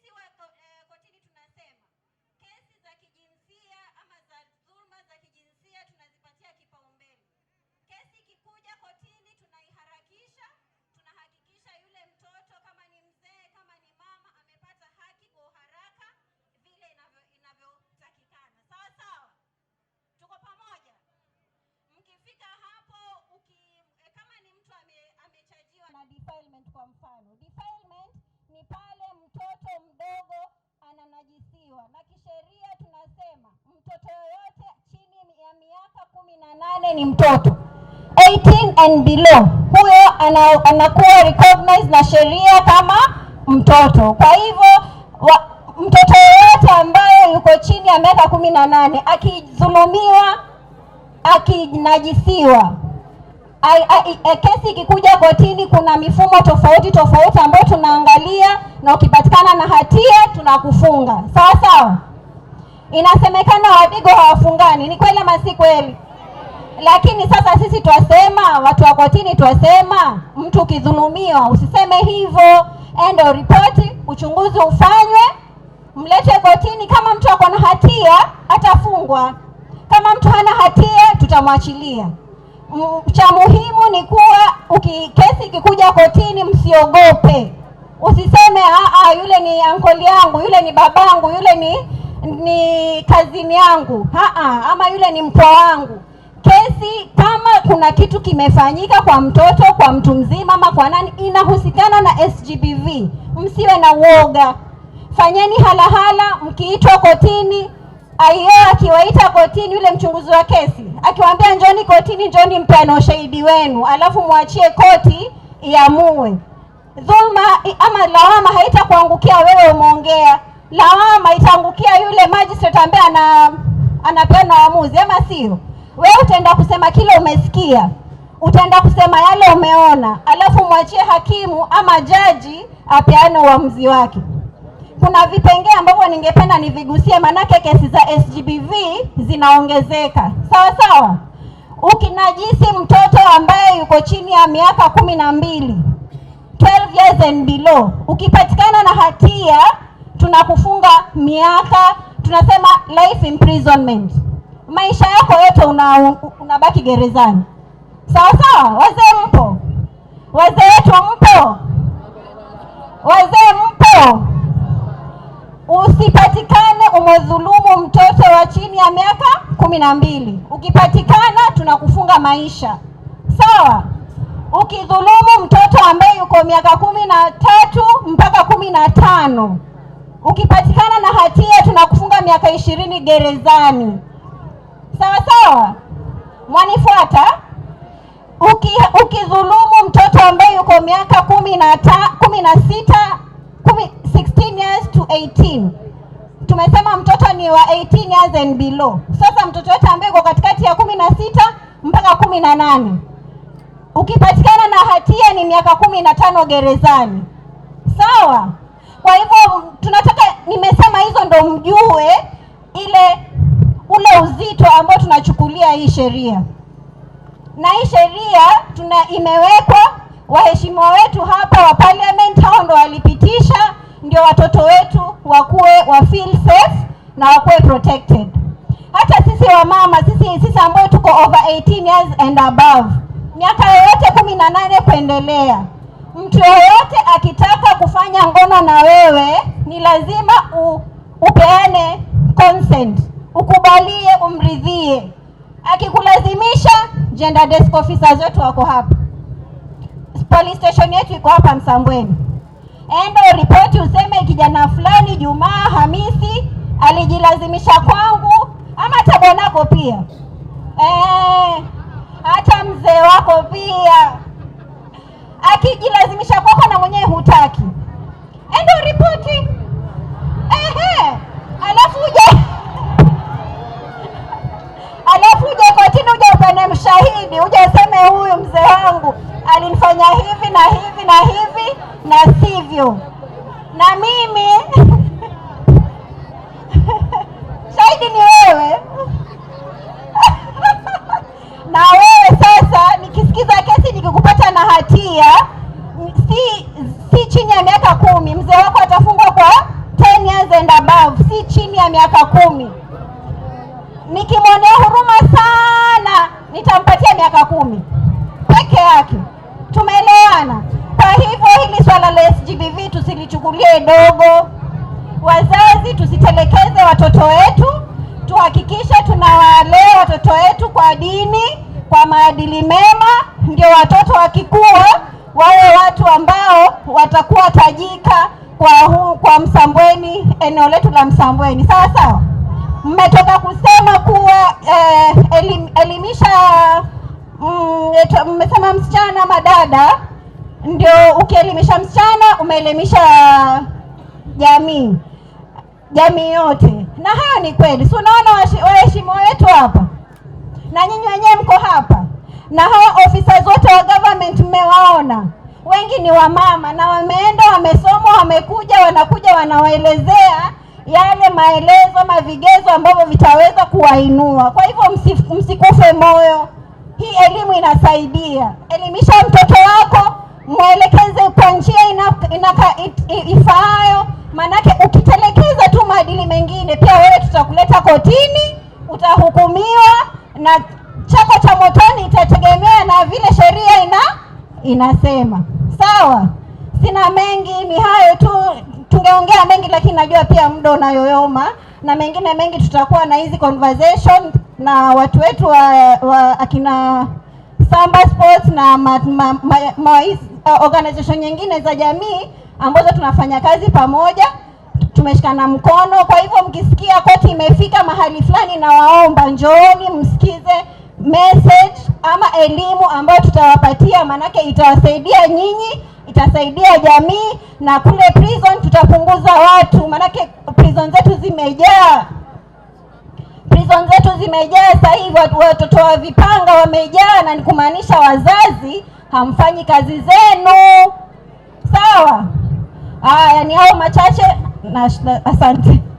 Sisi wa eh, kotini tunasema kesi za kijinsia ama za dhulma za kijinsia tunazipatia kipaumbele. Kesi ikikuja kotini tunaiharakisha, tunahakikisha yule mtoto kama ni mzee, kama ni mama amepata haki kwa uharaka vile inavyotakikana. Sawa sawa, tuko pamoja. Mkifika hapo uki, eh, kama ni mtu ame, amechajiwa na defilement kwa mfano defilement ni pale mtoto mdogo ananajisiwa, na kisheria tunasema mtoto yoyote chini ya miaka kumi na nane ni mtoto 18 and below, huyo anakuwa recognized na sheria kama mtoto. Kwa hivyo mtoto yoyote ambaye yuko chini ya miaka kumi na nane akidhulumiwa, akinajisiwa I, I, eh, I, kesi ikikuja kotini, kuna mifumo tofauti tofauti ambayo tunaangalia, na ukipatikana na hatia tunakufunga sawa sawa. Inasemekana wadigo hawafungani, ni kweli ama si kweli? Lakini sasa sisi twasema, watu wa kotini twasema, mtu ukidhulumiwa usiseme hivyo, endo ripoti, uchunguzi ufanywe, mlete kotini. Kama mtu ako na hatia atafungwa, kama mtu hana hatia tutamwachilia. Mm, cha muhimu ni kuwa uki, kesi ikikuja kotini, msiogope. Usiseme aa, ah, ah, yule ni ankoli yangu, yule ni babangu, yule ni ni kazini yangu, aa, ama yule ni mkwa wangu. Kesi kama kuna kitu kimefanyika kwa mtoto, kwa mtu mzima ama kwa nani, inahusikana na SGBV. Msiwe na uoga, fanyeni halahala mkiitwa kotini IO akiwaita kotini yule mchunguzi wa kesi akiwaambia njoni kotini, njoni mpeane ushahidi wenu, alafu mwachie koti iamue. Dhulma ama lawama haitakuangukia wewe umeongea, lawama itaangukia yule magistrate ambaye ana anapeana uamuzi ama sio? Wewe utaenda kusema kile umesikia, utaenda kusema yale umeona, alafu mwachie hakimu ama jaji apeane uamuzi wake kuna vipengee ambavyo ningependa nivigusie, maanake kesi za SGBV zinaongezeka, sawa sawa. Ukinajisi mtoto ambaye yuko chini ya miaka kumi na mbili 12 years and below, ukipatikana na hatia tunakufunga miaka, tunasema life imprisonment, maisha yako yote unabaki una gerezani, sawa sawa. Wazee mpo, wazee wetu umedhulumu mtoto wa chini ya miaka kumi na mbili, ukipatikana tunakufunga maisha. Sawa. Ukidhulumu mtoto ambaye yuko miaka kumi na tatu mpaka kumi na tano, ukipatikana na hatia tunakufunga miaka ishirini gerezani. Sawa sawa, mwanifuata? Uki, ukidhulumu mtoto ambaye yuko miaka kumi na sita, 16 years to 18 tumesema mtoto ni wa 18 years and below. Sasa mtoto wetu ambaye yuko katikati ya kumi na sita mpaka kumi na nane ukipatikana na hatia ni miaka kumi na tano gerezani, sawa? Kwa hivyo tunataka, nimesema hizo ndo mjue ile ule uzito ambao tunachukulia hii sheria, na hii sheria tuna imewekwa, waheshimiwa wetu hapa wa parliament hao ndo walipitisha ndio watoto wetu wakuwe wa feel safe na wakuwe protected. Hata sisi wamama, sisi sisi ambao tuko over 18 years and above, miaka yoyote kumi na nane kuendelea, mtu yoyote akitaka kufanya ngono na wewe ni lazima u, upeane consent, ukubalie, umridhie. Akikulazimisha, gender desk officers wetu wako hapa, police station yetu iko hapa Msambweni enda uripoti useme kijana fulani Jumaa Hamisi alijilazimisha kwangu, ama hata bwanako pia e, hata mzee wako pia akijilazimisha kwako na mwenyewe hutaki, enda uripoti. Ehe, alafu uje alafu uje kotini, uje upane mshahidi, uje useme huyu mzee wangu alinifanya hivi na hivi na hivi na sivyo, na mimi shahidi ni wewe na wewe sasa, nikisikiza kesi nikikupata na hatia, si si chini ya miaka kumi, mzee wako atafungwa kwa 10 years and above, si chini ya miaka kumi. Nikimwonea huruma sana, nitampatia miaka kumi. wadogo. Wazazi, tusitelekeze watoto wetu, tuhakikishe tunawalea watoto wetu kwa dini, kwa maadili mema, ndio watoto wakikua wawe watu ambao watakuwa tajika kwa huu, kwa Msambweni, eneo letu la Msambweni. Sawa sawa, mmetoka kusema kuwa eh, elim, elimisha mm, mmesema msichana madada, ndio ukielimisha msichana umeelimisha jamii jamii yote, na hayo ni kweli. Si unaona waheshimiwa wetu hapa na nyinyi wenyewe mko hapa, na hawa ofisa zote wa government mmewaona, wengi ni wamama na wameenda wamesoma, wamekuja, wanakuja wanawaelezea yale maelezo ama vigezo ambavyo vitaweza kuwainua. Kwa hivyo msikufe moyo, hii elimu inasaidia. Elimisha mtoto wako mwelekeze kwa njia ifaayo, maanake ukitelekeza tu maadili mengine, pia wewe tutakuleta kotini, utahukumiwa na chako cha motoni itategemea na vile sheria ina inasema. Sawa, sina mengi, ni hayo tu. Tungeongea mengi, lakini najua pia muda unayoyoma na mengine mengi. Tutakuwa na hizi conversation na watu wetu wa, wa akina Samba Sports na ma, ma, ma, ma, ma, Eh, organization nyingine za jamii ambazo tunafanya kazi pamoja, tumeshikana mkono. Kwa hivyo mkisikia koti imefika mahali fulani, na waomba njooni msikize message ama elimu ambayo tutawapatia, maanake itawasaidia nyinyi, itasaidia jamii, na kule prison tutapunguza watu, maanake prison zetu zimejaa prison zetu zimejaa sasa hivi, watoto wa vipanga wamejaa, na ni kumaanisha wazazi hamfanyi kazi zenu sawa. Haya, ni hao machache na, asante.